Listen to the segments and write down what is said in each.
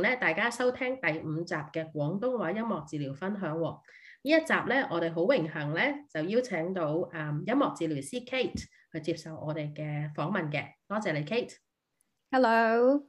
咧，大家收聽第五集嘅廣東話音樂治療分享。呢一集咧，我哋好榮幸咧，就邀請到誒、嗯、音樂治療師 Kate 去接受我哋嘅訪問嘅。多謝你，Kate。Hello。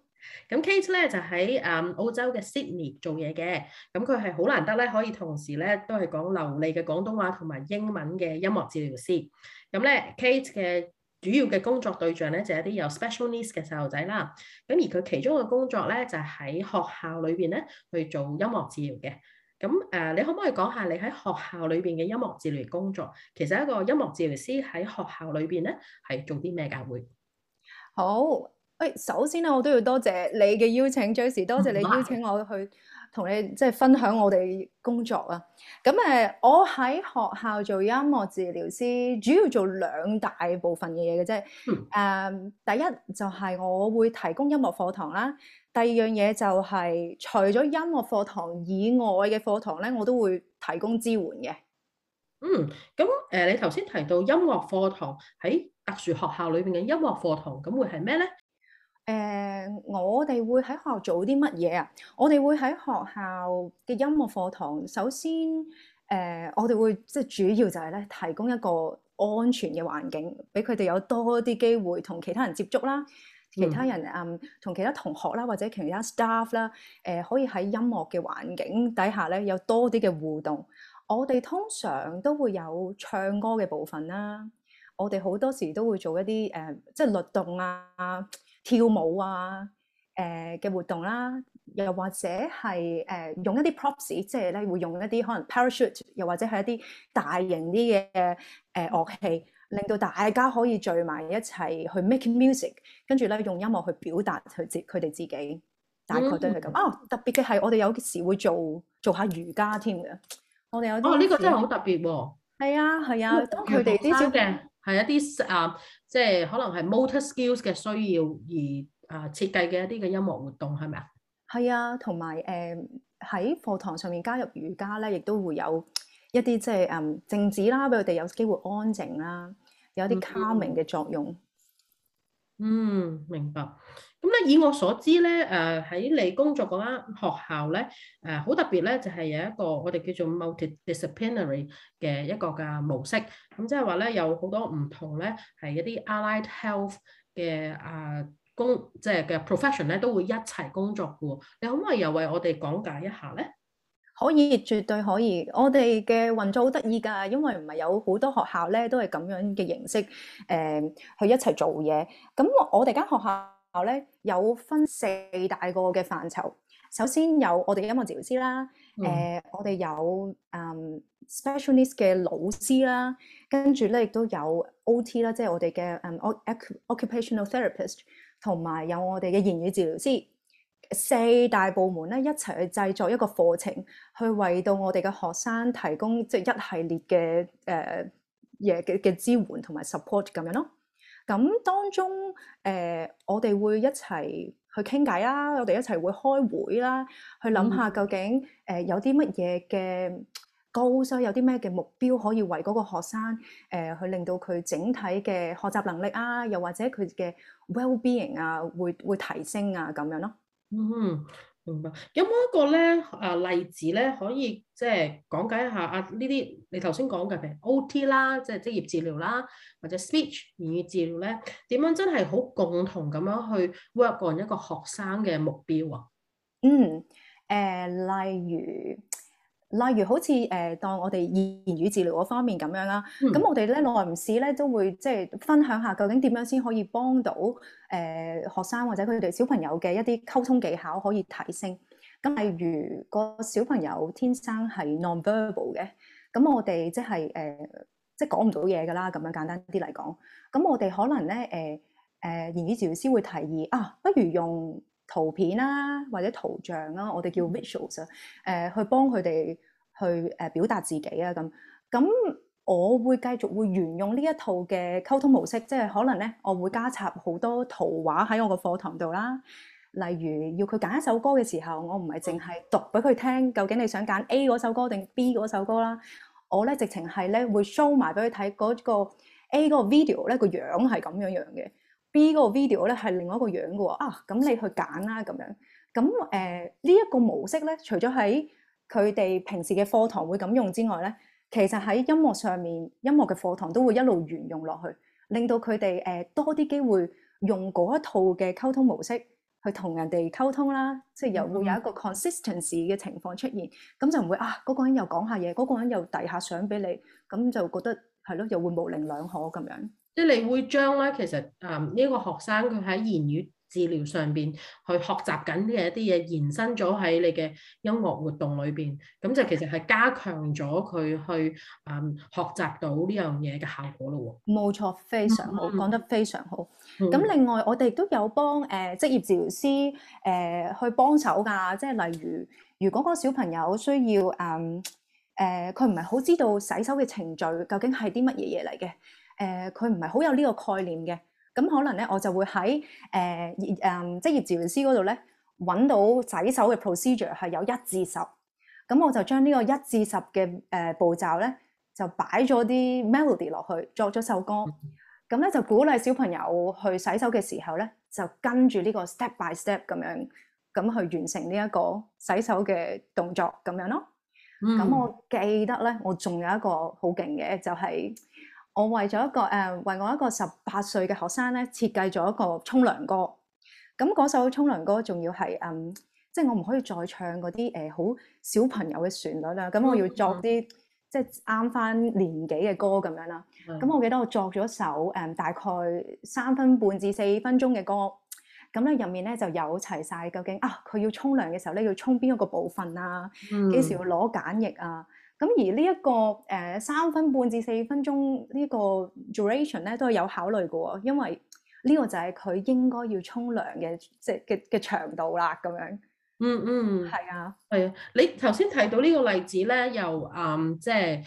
咁 Kate 咧就喺誒、嗯、澳洲嘅 Sydney 做嘢嘅。咁佢係好難得咧，可以同時咧都係講流利嘅廣東話同埋英文嘅音樂治療師。咁咧 Kate 嘅。主要嘅工作對象咧就係一啲有 special needs 嘅細路仔啦，咁而佢其中嘅工作咧就係喺學校裏邊咧去做音樂治療嘅。咁誒，你可唔可以講下你喺學校裏邊嘅音樂治療工作，其實一個音樂治療師喺學校裏邊咧係做啲咩教會？好，誒，首先咧我都要多謝你嘅邀請，Jase，多謝你邀請我去。嗯啊，同你即係分享我哋工作啊！咁誒，我喺學校做音樂治療師，主要做兩大部分嘅嘢嘅啫。誒、嗯，第一就係、是、我會提供音樂課堂啦。第二樣嘢就係除咗音樂課堂以外嘅課堂咧，我都會提供支援嘅。嗯，咁誒，你頭先提到音樂課堂喺特殊學校裏邊嘅音樂課堂，咁會係咩咧？誒、呃，我哋會喺學校做啲乜嘢啊？我哋會喺學校嘅音樂課堂，首先，誒、呃，我哋會即係主要就係咧，提供一個安全嘅環境，俾佢哋有多啲機會同其他人接觸啦，其他人誒，同、嗯嗯、其他同學啦，或者其他 staff 啦，誒、呃，可以喺音樂嘅環境底下咧，有多啲嘅互動。我哋通常都會有唱歌嘅部分啦，我哋好多時都會做一啲誒、呃，即係律動啊。跳舞啊，誒、呃、嘅活動啦，又或者係誒、呃、用一啲 props，即係咧會用一啲可能 parachute，又或者係一啲大型啲嘅誒樂器，令到大家可以聚埋一齊去 make music，跟住咧用音樂去表達佢自佢哋自己，大概都係咁。嗯、哦，特別嘅係我哋有時會做做下瑜伽添嘅，我哋有哦呢、呢個真係好特別喎。係啊，係啊，啊，啊，當佢哋啲小嘅。嗯係一啲啊、呃，即係可能係 motor skills 嘅需要而啊、呃、設計嘅一啲嘅音樂活動，係咪啊？係啊，同埋誒喺課堂上面加入瑜伽咧，亦都會有一啲即係嗯、呃、靜止啦，俾佢哋有機會安靜啦，有一啲 calming 嘅作用。嗯嗯，明白。咁咧，以我所知咧，誒、呃、喺你工作嗰間學校咧，誒、呃、好特別咧，就係、是、有一個我哋叫做 multi-disciplinary 嘅一個嘅模式。咁即係話咧，有好多唔同咧，係一啲 allied health 嘅啊工，即、就、係、是、嘅 profession 咧，都會一齊工作嘅。你可唔可以又為我哋講解一下咧？可以，絕對可以。我哋嘅運作好得意㗎，因為唔係有好多學校咧，都係咁樣嘅形式，誒、呃，去一齊做嘢。咁我哋間學校咧，有分四大個嘅範疇。首先有我哋嘅音樂治療師啦，誒、嗯呃，我哋有誒、um, specialist 嘅老師啦，跟住咧亦都有 OT 啦，即係我哋嘅、um, 誒 occupational therapist，同埋有，有我哋嘅言語治療師。四大部門咧，一齊去製作一個課程，去為到我哋嘅學生提供即係一系列嘅誒嘢嘅嘅支援同埋 support 咁樣咯。咁當中誒、呃、我哋會一齊去傾偈啦，我哋一齊會開會啦，去諗下究竟誒、呃、有啲乜嘢嘅 goal，有啲咩嘅目標可以為嗰個學生誒、呃、去令到佢整體嘅學習能力啊，又或者佢嘅 wellbeing 啊，會會提升啊咁樣咯。嗯，明白。有冇一個咧誒、啊、例子咧，可以即係講解一下啊？呢啲你頭先講嘅，譬如 O T 啦，即係職業治療啦，或者 speech 言語治療咧，點樣真係好共同咁樣去 work on 一個學生嘅目標啊？嗯，誒、呃，例如。例如好似誒、呃，當我哋言語治療嗰方面咁樣啦，咁、嗯、我哋咧耐唔時咧都會即係、就是、分享下究竟點樣先可以幫到誒、呃、學生或者佢哋小朋友嘅一啲溝通技巧可以提升。咁例如、那個小朋友天生係 non-verbal 嘅，咁我哋即係誒即係講唔到嘢㗎啦，咁樣簡單啲嚟講。咁我哋可能咧誒誒言語治療師會提議啊，不如用。圖片啦、啊，或者圖像啦、啊，我哋叫 visuals，誒、啊呃、去幫佢哋去誒、呃、表達自己啊咁。咁我會繼續會沿用呢一套嘅溝通模式，即係可能咧，我會加插好多圖畫喺我個課堂度啦。例如要佢揀一首歌嘅時候，我唔係淨係讀俾佢聽，究竟你想揀 A 嗰首歌定 B 嗰首歌啦。我咧直情係咧會 show 埋俾佢睇嗰個 A 嗰個 video 咧個樣係咁樣樣嘅。B 嗰個 video 咧係另外一個樣嘅喎，啊，咁你去揀啦咁樣。咁誒呢一個模式咧，除咗喺佢哋平時嘅課堂會咁用之外咧，其實喺音樂上面，音樂嘅課堂都會一路沿用落去，令到佢哋誒多啲機會用嗰一套嘅溝通模式去同人哋溝通啦，即係又會有一個 consistency 嘅情況出現，咁就唔會啊嗰個人又講下嘢，嗰個人又遞下相俾你，咁就覺得係咯，又會模棱兩可咁樣。即係你會將咧，其實誒呢、嗯這個學生佢喺言語治療上邊去學習緊嘅一啲嘢，延伸咗喺你嘅音樂活動裏邊，咁就其實係加強咗佢去誒、嗯、學習到呢樣嘢嘅效果咯。冇錯，非常好，講、嗯、得非常好。咁、嗯、另外我哋都有幫誒職業治療師誒、呃、去幫手噶，即係例如如果個小朋友需要誒誒佢唔係好知道洗手嘅程序究竟係啲乜嘢嘢嚟嘅。誒佢唔係好有呢個概念嘅，咁、嗯、可能咧我就會喺誒誒職業治療師嗰度咧揾到洗手嘅 procedure 係有一至十，咁、嗯、我就將呢個一至十嘅誒、呃、步驟咧就擺咗啲 melody 落去作咗首歌，咁、嗯、咧、嗯、就鼓勵小朋友去洗手嘅時候咧就跟住呢個 step by step 咁樣咁去完成呢一個洗手嘅動作咁樣咯。咁、嗯嗯、我記得咧，我仲有一個好勁嘅就係、是。我為咗一個誒，為我一個十八歲嘅學生咧，設計咗一個沖涼歌。咁嗰首沖涼歌仲要係誒、嗯，即係我唔可以再唱嗰啲誒好小朋友嘅旋律啊。咁我要作啲、嗯、即係啱翻年紀嘅歌咁樣啦。咁我記得我作咗一首誒、嗯，大概三分半至四分鐘嘅歌。咁咧入面咧就有齊晒究竟啊，佢要沖涼嘅時候咧要沖邊一個部分啊？幾時要攞梘液啊？咁而呢、這、一個誒三、呃、分半至四分鐘呢個 duration 咧都係有考慮嘅喎，因為呢個就係佢應該要沖涼嘅即嘅嘅長度啦，咁樣。嗯嗯，係、嗯、啊，係啊，你頭先提到呢個例子咧，又啊即係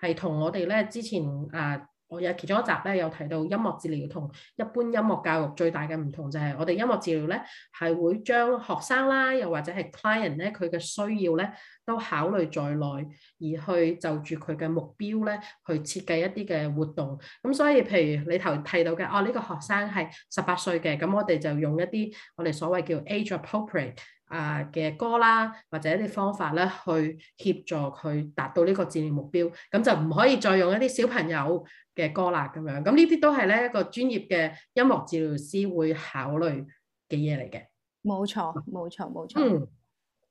係同我哋咧之前啊。呃我有其中一集咧，有提到音樂治療同一般音樂教育最大嘅唔同就係，我哋音樂治療咧係會將學生啦、啊，又或者係 client 咧佢嘅需要咧都考慮在內，而去就住佢嘅目標咧去設計一啲嘅活動。咁所以譬如你頭提到嘅，哦呢、這個學生係十八歲嘅，咁我哋就用一啲我哋所謂叫 age appropriate。啊嘅歌啦，或者一啲方法咧，去協助佢達到呢個治療目標，咁、嗯、就唔可以再用一啲小朋友嘅歌啦，咁樣，咁呢啲都係咧一個專業嘅音樂治療師會考慮嘅嘢嚟嘅。冇錯，冇錯，冇錯。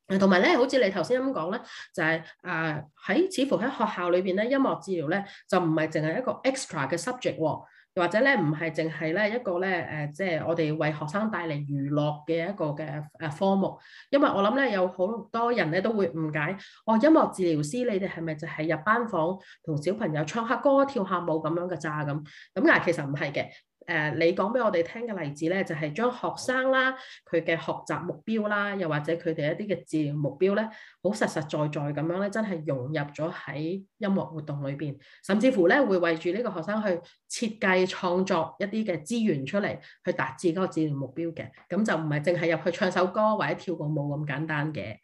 嗯，同埋咧，好似你頭先咁講咧，就係、是、啊喺似乎喺學校裏邊咧，音樂治療咧就唔係淨係一個 extra 嘅 subject、哦。或者咧唔係淨係咧一個咧誒，即、呃、係、就是、我哋為學生帶嚟娛樂嘅一個嘅誒科目，因為我諗咧有好多人咧都會誤解，我、哦、音樂治療師你哋係咪就係入班房同小朋友唱下歌跳下舞咁樣嘅咋咁？咁啊其實唔係嘅。誒、呃，你講俾我哋聽嘅例子咧，就係、是、將學生啦，佢嘅學習目標啦，又或者佢哋一啲嘅治療目標咧，好實實在在咁樣咧，真係融入咗喺音樂活動裏邊，甚至乎咧會為住呢個學生去設計創作一啲嘅資源出嚟，去達至嗰個治療目標嘅，咁就唔係淨係入去唱首歌或者跳個舞咁簡單嘅。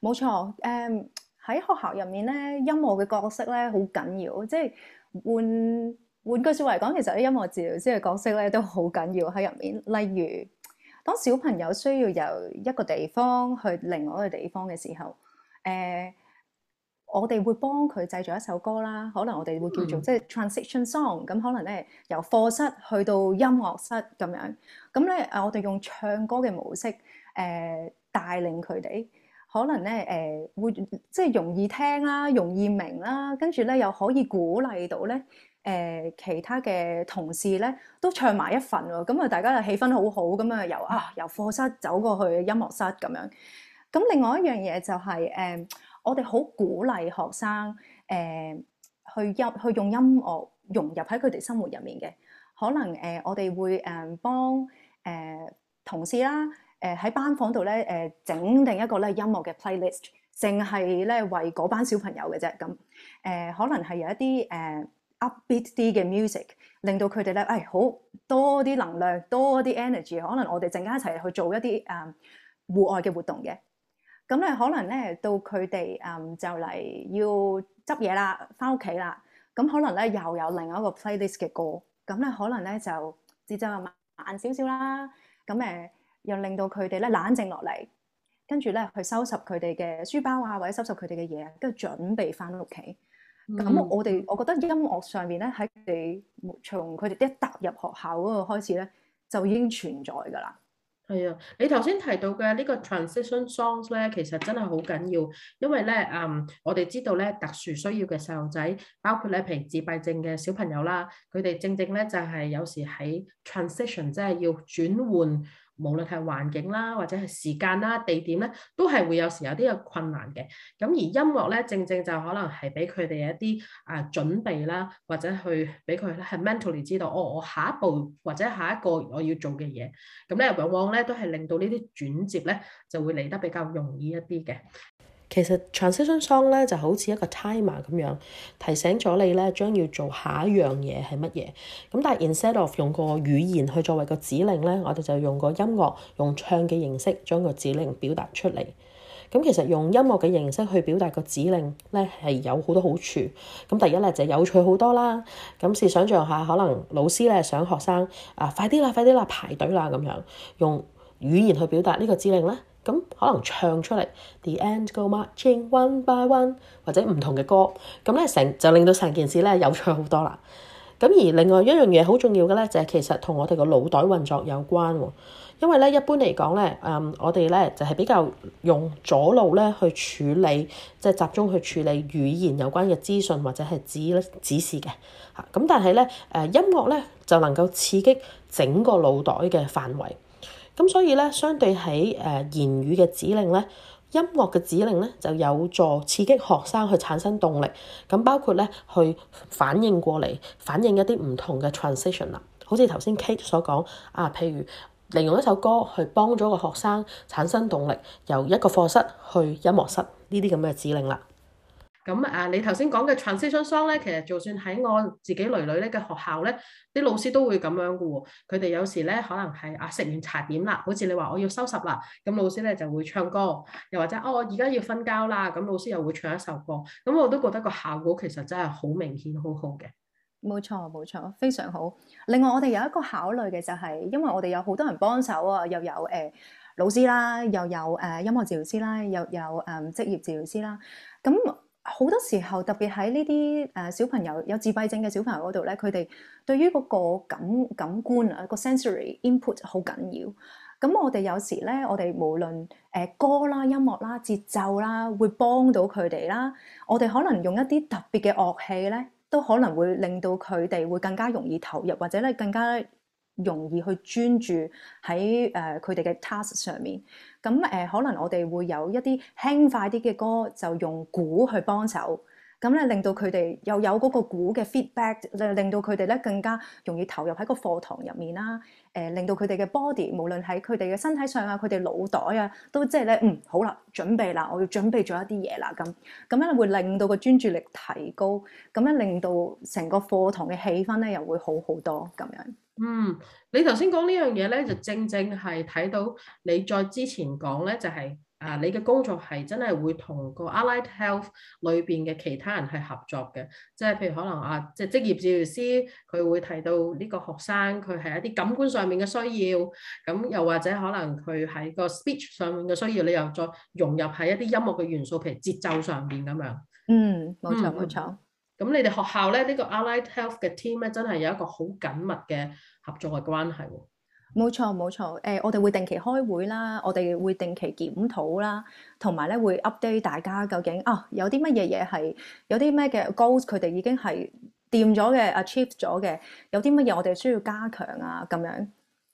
冇錯，誒、嗯、喺學校入面咧，音樂嘅角色咧好緊要，即係換，換句說話嚟講，其實咧音樂治療師嘅角色咧都好緊要喺入面。例如，當小朋友需要由一個地方去另外一個地方嘅時候，誒、呃，我哋會幫佢製作一首歌啦。可能我哋會叫做即係 transition song。咁可能咧由課室去到音樂室咁樣。咁咧誒，我哋用唱歌嘅模式誒、呃、帶領佢哋。可能咧誒、呃、會即係容易聽啦、容易明啦。跟住咧又可以鼓勵到咧。誒，其他嘅同事咧都唱埋一份喎、哦，咁啊大家就氣氛好好，咁啊由啊由課室走過去音樂室咁樣。咁另外一樣嘢就係、是、誒、呃，我哋好鼓勵學生誒、呃、去音去用音樂融入喺佢哋生活入面嘅。可能誒、呃、我哋會誒幫誒同事啦，誒、呃、喺班房度咧誒整定一個咧音樂嘅 playlist，淨係咧為嗰班小朋友嘅啫。咁、呃、誒可能係有一啲誒、呃 upbeat 啲嘅 music 令到佢哋咧，哎好多啲能量，多啲 energy。可能我哋陣間一齊去做一啲誒戶外嘅活動嘅。咁、嗯、咧可能咧到佢哋誒就嚟要執嘢啦，翻屋企啦。咁、嗯、可能咧又有另一個 playlist 嘅歌。咁、嗯、咧可能咧就節奏慢少少啦。咁、嗯、誒、嗯、又令到佢哋咧冷靜落嚟，跟住咧去收拾佢哋嘅書包啊，或者收拾佢哋嘅嘢，跟住準備翻屋企。咁、嗯、我哋，我覺得音樂上面咧，喺佢哋從佢哋一踏入學校嗰個開始咧，就已經存在噶啦。係啊，你頭先提到嘅呢個 transition songs 咧，其實真係好緊要，因為咧，嗯、um,，我哋知道咧，特殊需要嘅細路仔，包括咧，譬如自閉症嘅小朋友啦，佢哋正正咧就係、是、有時喺 transition，即係要轉換。無論係環境啦，或者係時間啦、地點咧，都係會有時有啲嘅困難嘅。咁而音樂咧，正正就可能係俾佢哋一啲啊準備啦，或者去俾佢咧係 mentally 知道，哦，我下一步或者下一個我要做嘅嘢，咁、嗯、咧往往咧都係令到轉接呢啲轉折咧就會嚟得比較容易一啲嘅。其實 Transition song 咧就好似一個 timer 咁樣提醒咗你咧，將要做下一樣嘢係乜嘢。咁但係 instead of 用個語言去作為個指令咧，我哋就用個音樂，用唱嘅形式將個指令表達出嚟。咁其實用音樂嘅形式去表達個指令咧，係有好多好處。咁第一咧就是、有趣好多啦。咁試想像下，可能老師咧想學生啊，快啲啦，快啲啦，排隊啦咁樣，用語言去表達呢個指令咧。咁可能唱出嚟，The end go marching one by one，或者唔同嘅歌，咁咧成就令到成件事咧有趣好多啦。咁而另外一樣嘢好重要嘅咧，就係其實同我哋個腦袋運作有關喎。因為咧一般嚟講咧，誒我哋咧就係比較用左腦咧去處理，即係集中去處理語言有關嘅資訊或者係指指示嘅嚇。咁但係咧誒音樂咧，就能夠刺激整個腦袋嘅範圍。咁所以咧，相對喺誒言語嘅指令咧，音樂嘅指令咧就有助刺激學生去產生動力。咁包括咧去反應過嚟，反應一啲唔同嘅 transition 啦。好似頭先 Kate 所講，啊，譬如利用一首歌去幫咗個學生產生動力，由一個課室去音樂室呢啲咁嘅指令啦。咁啊，你頭先講嘅 transition song 咧，其實就算喺我自己囡女咧嘅學校咧，啲老師都會咁樣嘅喎。佢哋有時咧可能係啊食完茶點啦，好似你話我要收拾啦，咁老師咧就會唱歌，又或者哦我而家要瞓覺啦，咁老師又會唱一首歌。咁我都覺得個效果其實真係好明顯，好好嘅。冇錯，冇錯，非常好。另外，我哋有一個考慮嘅就係、是，因為我哋有好多人幫手啊，又有誒、呃、老師啦，又有誒、呃、音樂治療師啦，又有誒、呃、職業治療師啦，咁。好多時候，特別喺呢啲誒小朋友有自閉症嘅小朋友嗰度咧，佢哋對於嗰個感感官啊、嗰個 sensory input 好緊要。咁我哋有時咧，我哋無論誒歌啦、音樂啦、節奏啦，會幫到佢哋啦。我哋可能用一啲特別嘅樂器咧，都可能會令到佢哋會更加容易投入，或者咧更加.容易去專注喺誒佢哋嘅 task 上面，咁誒、呃，可能我哋會有一啲輕快啲嘅歌，就用鼓去幫手咁咧，令到佢哋又有嗰個鼓嘅 feedback，令令到佢哋咧更加容易投入喺個課堂入面啦。誒、呃，令到佢哋嘅 body 無論喺佢哋嘅身體上啊，佢哋腦袋啊，都即係咧嗯，好啦，準備啦，我要準備咗一啲嘢啦，咁咁樣會令到個專注力提高，咁樣令到成個課堂嘅氣氛咧又會好好多咁樣。嗯，你頭先講呢樣嘢咧，就正正係睇到你再之前講咧、就係，就係啊，你嘅工作係真係會同個 Allied Health 裏邊嘅其他人係合作嘅，即係譬如可能啊，即係職業治療師佢會提到呢個學生佢係一啲感官上面嘅需要，咁又或者可能佢喺個 speech 上面嘅需要，你又再融入喺一啲音樂嘅元素，譬如節奏上邊咁樣。嗯，冇錯冇錯。嗯咁你哋學校咧呢，這個 Allied Health 嘅 team 咧，真係有一個好緊密嘅合作嘅關係。冇錯冇錯，誒、呃，我哋會定期開會啦，我哋會定期檢討啦，同埋咧會 update 大家究竟啊有啲乜嘢嘢係有啲咩嘅 goals，佢哋已經係掂咗嘅 achieved 咗嘅，有啲乜嘢我哋需要加強啊咁樣。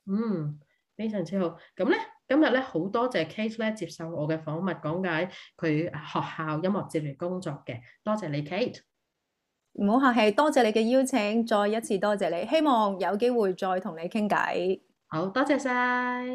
嗯，非常之好。咁咧今日咧好多謝 Kate 咧接受我嘅訪問，講解佢學校音樂治療工作嘅，多謝你 Kate。唔好客氣，多謝你嘅邀請，再一次多謝你，希望有機會再同你傾偈。好多謝晒。